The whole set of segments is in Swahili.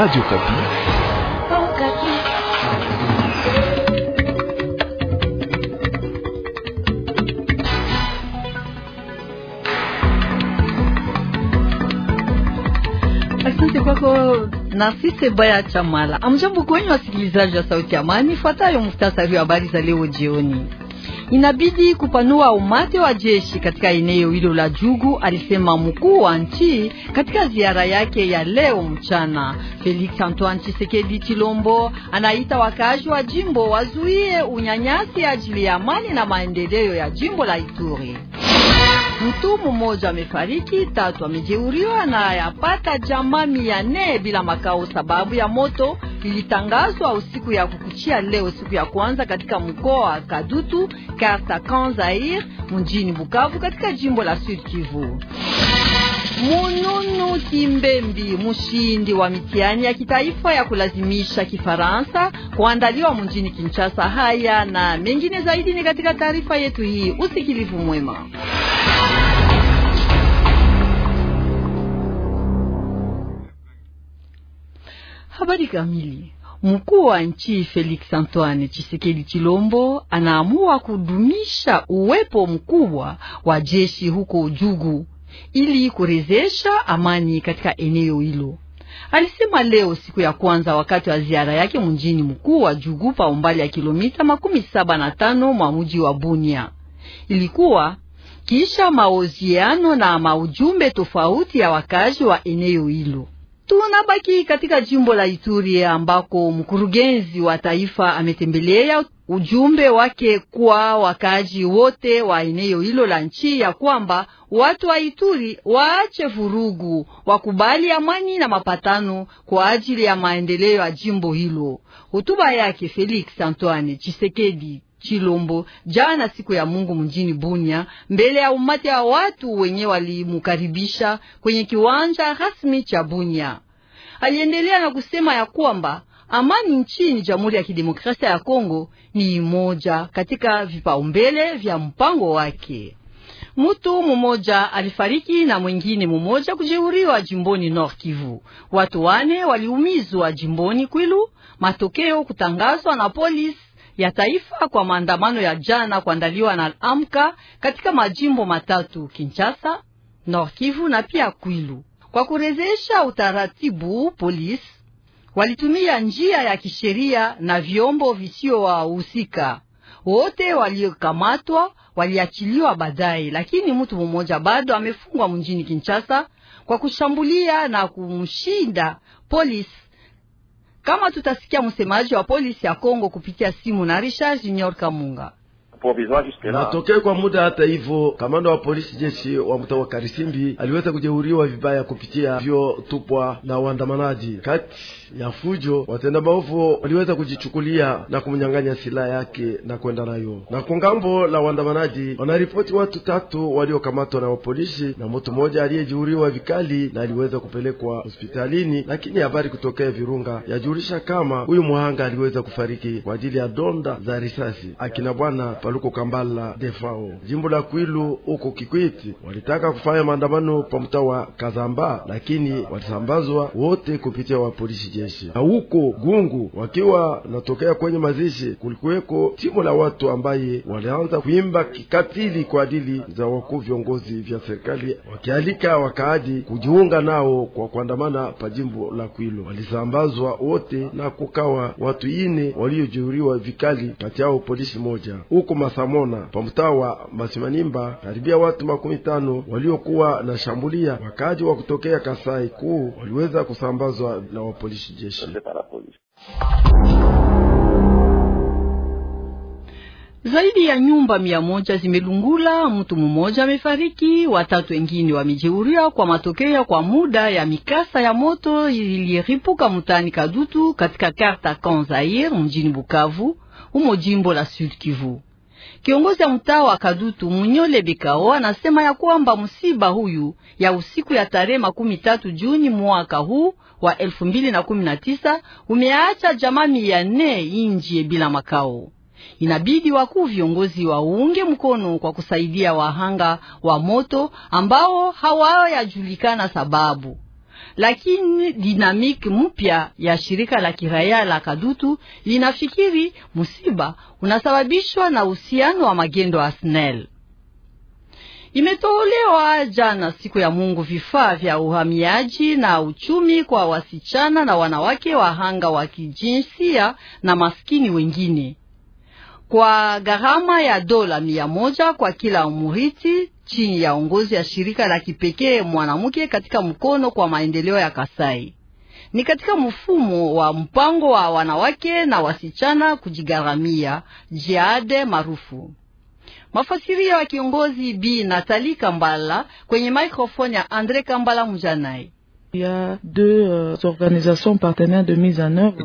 Radio Okapi. Asante kwako Narcisse Baya Chamala. Amjambo kwenye wasikilizaji wa Sauti ya Amani, fuatayo muhtasari wa habari za leo jioni inabidi kupanua umati wa jeshi katika eneo hilo la Jugu, alisema mkuu wa nchi katika ziara yake ya leo mchana. Felix Antoine chisekedi Chilombo anaita wakaaji wa jimbo wazuie unyanyasi ajili ya amani na maendeleo ya jimbo la Ituri. Mtu mmoja amefariki, tatu amejeuriwa na yapata jamaa mia nne bila makao sababu ya moto lilitangazwa usiku ya kukuchia leo siku ya kwanza katika mkoa wa Kadutu, Karta Kanzair, mjini Bukavu katika jimbo la Sud Kivu. Mununu Kimbembi, mshindi wa mitihani ya kitaifa ya kulazimisha Kifaransa kuandaliwa mjini Kinshasa. Haya na mengine zaidi ni katika taarifa yetu hii. Usikilivu mwema. Habari kamili. Mkuu wa nchi Felix Antoine Chisekedi Chilombo anaamua kudumisha uwepo mkubwa wa jeshi huko Jugu ili kurejesha amani katika eneo hilo. Alisema leo siku ya kwanza wakati wa ziara yake mjini mkuu wa Jugu pa umbali ya kilomita makumi saba na tano mwa mji wa Bunia. Ilikuwa kisha maoziano na maujumbe tofauti ya wakazi wa eneo hilo. Tunabaki katika jimbo la Ituri ambako mkurugenzi wa taifa ametembelea ujumbe wake kwa wakaaji wote wa eneo hilo la nchi ya kwamba watu wa Ituri waache vurugu, wakubali amani na mapatano kwa ajili ya maendeleo ya jimbo hilo. Hotuba yake Felix Antoine Chisekedi. Chilombo jana siku ya Mungu mjini bunya mbele ya umati ya watu wenye walimukaribisha kwenye kiwanja rasmi cha bunya Aliendelea na kusema ya kwamba amani nchini Jamhuri ya Kidemokrasia ya Kongo ni moja katika vipaumbele vya mpango wake. Mutu mumoja alifariki na mwingine mumoja kujeuriwa jimboni Nord Kivu. Watu wane waliumizwa jimboni Kwilu, matokeo kutangazwa na polisi ya taifa kwa maandamano ya jana kuandaliwa na Amka katika majimbo matatu Kinshasa, Nord Kivu na pia Kwilu. Kwa kurejesha utaratibu, polisi walitumia njia ya kisheria na vyombo visio Wote waliokamatwa waliachiliwa baadaye, lakini mtu mmoja bado amefungwa mjini Kinshasa kwa kushambulia na kumshinda polisi kama tutasikia msemaji wa polisi ya Kongo kupitia simu na Richard Junior Kamunga provisoire Matokeo kwa muda. Hata hivyo, kamanda wa polisi jeshi wa mtaa wa Karisimbi aliweza kujeuriwa vibaya kupitia vyo tupwa na waandamanaji. Kati ya fujo, watenda maovu waliweza kujichukulia na kumnyang'anya silaha yake na kwenda nayo, na kwa ngambo la waandamanaji wanaripoti watu tatu waliokamatwa na wapolisi na mtu mmoja aliyejeruhiwa vikali na aliweza kupelekwa hospitalini, lakini habari kutokea Virunga yajulisha kama huyu mhanga aliweza kufariki kwa ajili ya donda za risasi. Akina bwana paluko Kambala Defao, jimbo la Kwilu huko Kikwiti. Walitaka kufanya maandamano pa mtaa wa Kazamba, lakini walisambazwa wote kupitia wa polisi jeshi. Na huko Gungu wakiwa natokea kwenye mazishi, kulikuweko timu la watu ambaye walianza kuimba kikatili kwa ajili za wakuu viongozi vya serikali, wakialika wakaaji kujiunga nao kwa kuandamana pa jimbo la Kwilu. Walisambazwa wote na kukawa watu ine waliojeruhiwa vikali, kati yao polisi moja huko Masamona pamtaa wa Masimanimba, karibia watu makumi tano waliokuwa na shambulia wakaji wa kutokea Kasai kuu waliweza kusambazwa na wapolisi jeshi. Zaidi ya nyumba mia moja zimelungula, mtu mmoja amefariki, watatu wengine wamejeruhiwa kwa matokeo kwa muda ya mikasa ya moto iliyeripuka mutani Kadutu katika karta Kanzair mjini Bukavu, umo jimbo la Sud Kivu. Kiongozi ya mtaa wa Kadutu Munyole Bikao anasema ya kwamba msiba huyu ya usiku ya tarehe makumi tatu Juni mwaka huu wa elfu mbili na kumi na tisa umeacha jamaa mia nne inje bila makao. Inabidi wakuu viongozi waunge mkono kwa kusaidia wahanga wa moto ambao hawayajulikana sababu lakini dinamiki mpya ya shirika la kiraia la Kadutu linafikiri msiba unasababishwa na uhusiano wa magendo ya SNEL. Imetolewa jana siku ya Mungu vifaa vya uhamiaji na uchumi kwa wasichana na wanawake wahanga wa kijinsia na maskini wengine kwa gharama ya dola mia moja kwa kila muriti chini ya uongozi ya shirika la kipekee mwanamke katika mkono kwa maendeleo ya Kasai. Ni katika mfumo wa mpango wa wanawake na wasichana kujigharamia jiade maarufu. Mafasirio ya kiongozi Bi Natali Kambala kwenye maikrofoni ya Andre Kambala Mujanai.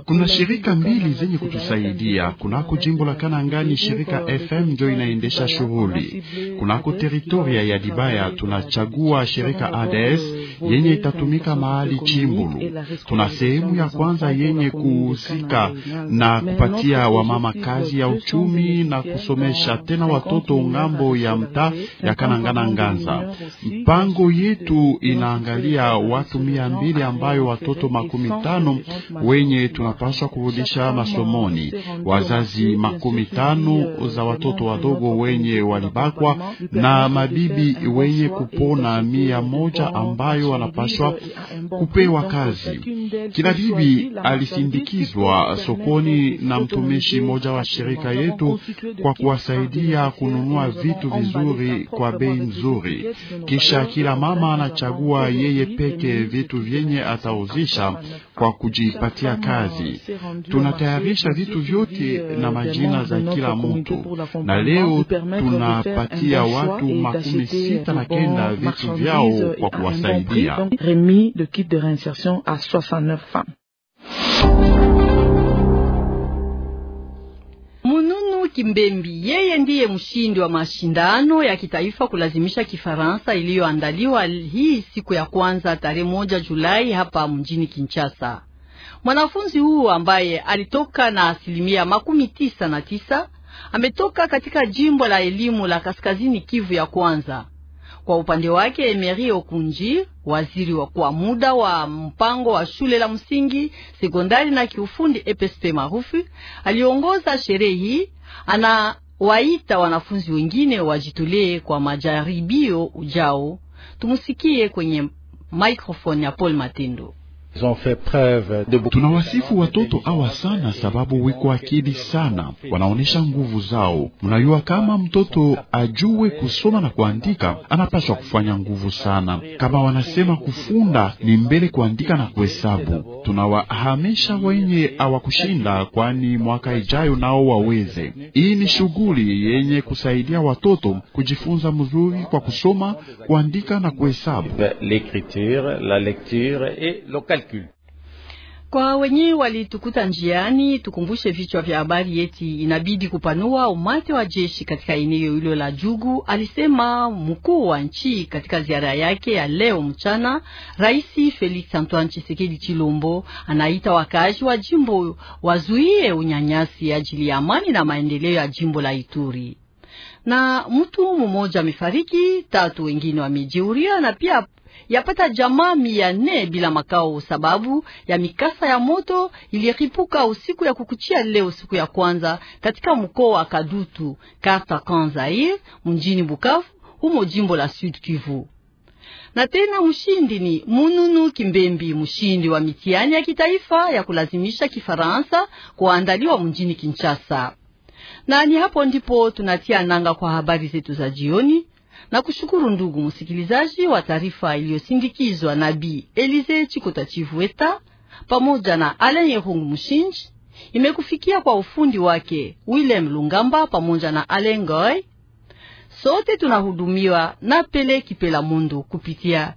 Kuna shirika mbili zenye kutusaidia. Kunako jimbo la Kanangani, shirika FM ndio inaendesha shughuli. Kunako teritoria ya Dibaya tunachagua shirika ADS yenye itatumika mahali Chimbulu. Tuna sehemu ya kwanza yenye kuhusika na kupatia wamama kazi ya uchumi na kusomesha tena watoto ng'ambo ya mtaa ya Kanangana Nganza. Mpango yetu inaangalia watu mia mbili ambayo watoto makumi tano wenye tunapaswa kurudisha masomoni, wazazi makumi tano za watoto wadogo wenye walibakwa na mabibi wenye kupona mia moja ambayo wanapaswa kupewa kazi. Kila bibi alisindikizwa sokoni na mtumishi mmoja wa shirika yetu kwa kuwasaidia kununua vitu vizuri kwa bei nzuri. Kisha kila mama anachagua yeye peke vitu vitu vyenye atauzisha kwa kujipatia kazi. Tunatayarisha vitu vyote na majina za kila mtu, na leo tunapatia watu makumi sita na kenda vitu vyao kwa kuwasaidia. Kimbembi yeye ndiye mshindi wa mashindano ya kitaifa kulazimisha Kifaransa iliyoandaliwa hii siku ya kwanza tarehe moja Julai hapa mjini Kinshasa. Mwanafunzi huu ambaye alitoka na asilimia makumi tisa na tisa ametoka katika jimbo la elimu la Kaskazini Kivu ya kwanza. Kwa upande wake Emery Okunji, waziri wa kwa muda wa mpango wa shule la msingi, sekondari na kiufundi EPSP maarufu, aliongoza sherehe hii. Anawaita wanafunzi wengine wajitolee kwa majaribio ujao. Tumusikie kwenye microphone ya Paul Matendo. Tunawasifu watoto awa sana, sababu wiko akili sana, wanaonyesha nguvu zao. Mnajua, kama mtoto ajue kusoma na kuandika, anapaswa kufanya nguvu sana. Kama wanasema kufunda ni mbele kuandika na kuhesabu, tunawahamisha wenye awakushinda kwani mwaka ijayo nao waweze. Hii ni shughuli yenye kusaidia watoto kujifunza mzuri kwa kusoma, kuandika na kuhesabu calcul. Kwa wenye walitukuta njiani, tukumbushe vichwa vya habari yeti inabidi kupanua umate wa jeshi katika eneo hilo la Jugu, alisema mkuu wa nchi katika ziara yake ya leo mchana. Rais Felix Antoine Tshisekedi Chilombo anaita wakazi wa jimbo wazuie unyanyasi ajili ya amani na maendeleo ya jimbo la Ituri na mtu mmoja amefariki, tatu wengine wamejiuria, na pia yapata jamaa mia nne bila makao sababu ya mikasa ya moto iliripuka usiku ya kukuchia leo siku ya kwanza katika mkoa wa Kadutu kata Kanzair mjini Bukavu humo jimbo la Sud Kivu na tena mshindi ni Mununu Kimbembi, mshindi wa mitihani ya kitaifa ya kulazimisha Kifaransa kuandaliwa mjini Kinshasa. Na ni hapo ndipo tunatia nanga kwa habari zetu za jioni na kushukuru ndugu msikilizaji wa taarifa iliyosindikizwa na Bi Elize Chikota Chivueta pamoja na Alain Yehungu Mushinji. Imekufikia kwa ufundi wake william Lungamba pamoja na Alain Goy. Sote tunahudumiwa na Pele Kipela Mundu kupitia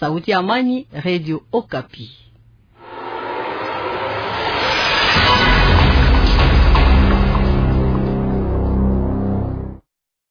Sauti ya Amani, Radio Okapi.